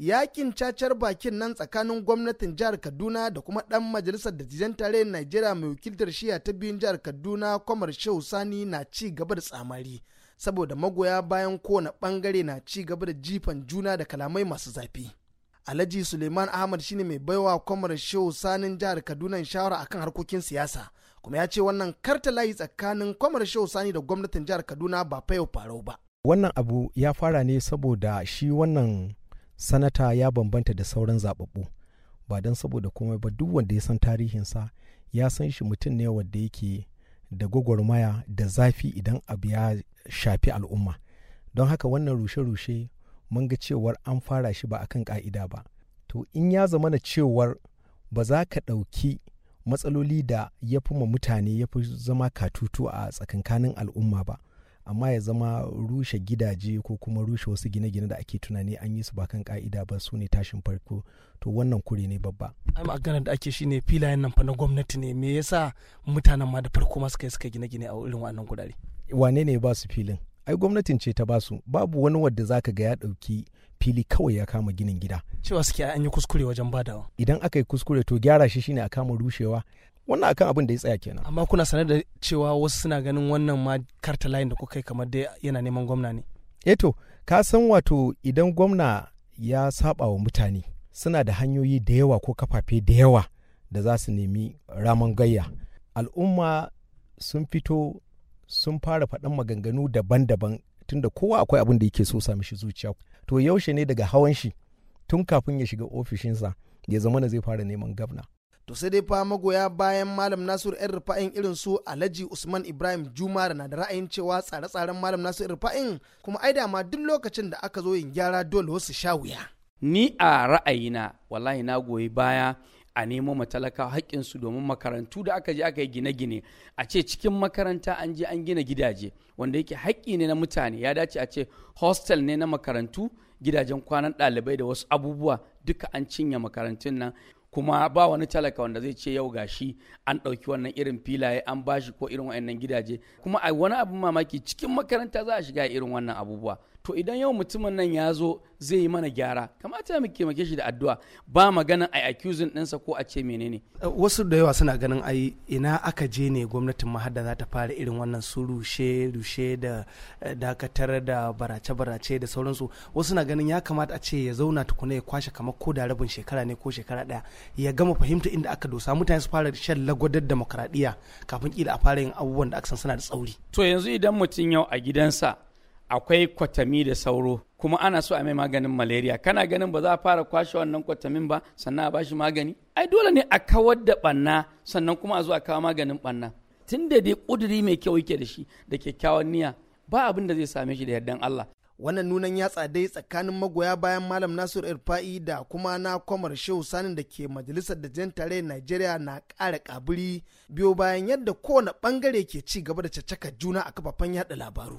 yakin cacar bakin nan tsakanin gwamnatin jihar kaduna da kuma ɗan majalisar dattijan tarayyar najeriya mai wakiltar shiya ta biyun jihar kaduna kwamar shehu sani na ci gaba da tsamari saboda magoya bayan kowane bangare na ci gaba da jifan juna da kalamai masu zafi alhaji suleiman ahmad shine mai baiwa kwamar shehu sanin jihar kaduna shawara akan harkokin siyasa kuma ya ce wannan karta layi tsakanin kwamar shehu sani da gwamnatin jihar kaduna ba yau farau ba wannan abu ya fara ne saboda shi wannan sanata ya bambanta da sauran zaɓaɓɓu ba don saboda komai ba duk wanda ya san tarihinsa ya san shi mutum ne wanda yake da gwagwarmaya da zafi idan abu ya shafi al'umma don haka wannan rushe-rushe mun ga cewar an fara shi ba a kan ka'ida ba to in ya zama na cewar ba za ka ɗauki matsaloli da ya fi ma mutane ya fi zama katutu a tsakankanin al'umma ba amma ya zama rushe gidaje ko kuma rushe wasu gine-gine da ake tunani an yi su ba kan ka'ida ba su ne tashin farko to wannan kure ne babba a maganar da ake shine filayen nan fa na gwamnati ne me yasa mutanen ma da farko ma suka yi suka gine-gine a irin wannan gurare wane ne ba su filin ai gwamnatin ce ta ba su babu wani wadda zaka ga ya ɗauki fili kawai ya kama ginin gida cewa suke an yi kuskure wajen badawa idan aka yi kuskure to gyara shi shine a kama rushewa wannan akan abin da ya tsaya kenan amma kuna sanar da cewa wasu suna ganin wannan ma karta layin da kuka yi kamar dai yana neman gwamna ne eto eh ka san wato idan gwamna ya saba wa mutane suna da hanyoyi da yawa ko kafafe da yawa da za su nemi raman gayya al'umma sun fito sun fara faɗan maganganu daban-daban tunda kowa akwai abin da yake so sami shi zuciya to yaushe ne daga hawan shi tun kafin ya shiga ofishinsa ya zama na zai fara neman gwamna to sai dai fa magoya bayan malam nasiru yan rufa'in irin su alhaji usman ibrahim juma na da ra'ayin cewa tsare-tsaren malam nasiru rufa'in kuma ai da ma duk lokacin da aka zo yin gyara dole wasu sha wuya ni a ra'ayina wallahi na goyi baya a nemo matalaka su domin makarantu da aka je aka yi gine-gine a ce cikin makaranta an je an gina gidaje wanda yake haƙƙi ne na mutane ya dace a ce hostel ne na makarantu gidajen kwanan ɗalibai da wasu abubuwa duka an cinye makarantun nan kuma ba wani talaka wanda zai ce yau gashi an ɗauki wannan irin filaye an bashi ko irin wa'annan gidaje kuma a wani abin mamaki cikin makaranta za a shiga irin wannan abubuwa to idan yau mutumin nan ya zo zai yi mana gyara kamata mu taimake shi da addu'a ba maganan ai accusing ɗinsa ko a ce menene eh, wasu da yawa suna ganin ai ina aka je ne gwamnatin mahadda za ta fara irin wannan su rushe rushe da eh, dakatar da barace barace da sauransu wasu na ganin ya kamata a ce ya zauna tukuna ya kwashe kamar ko da rabin shekara ne ko shekara daya ya gama fahimta inda aka dosa mutane su fara shan lagwadar demokradiyya kafin kila a fara yin abubuwan da aka san suna da tsauri to yanzu idan mutum yau a gidansa akwai kwatami da sauro kuma ana so a mai maganin malaria kana ganin ba za a fara kwashe wannan kwatamin ba sannan a bashi magani ai dole ne a kawar da banna sannan kuma a zo a kawo maganin banna tun da dai kuduri mai kyau yake da shi da kyakkyawan niyya ba abin da zai same shi da yardan Allah wannan nunan yatsa dai tsakanin magoya bayan malam nasir irfa'i da kuma na kwamar shehu sanin da ke majalisar da jan tare najeriya na ƙara kaburi biyo bayan yadda kowane bangare ke ci gaba da caccakar juna a kafafen yada labaru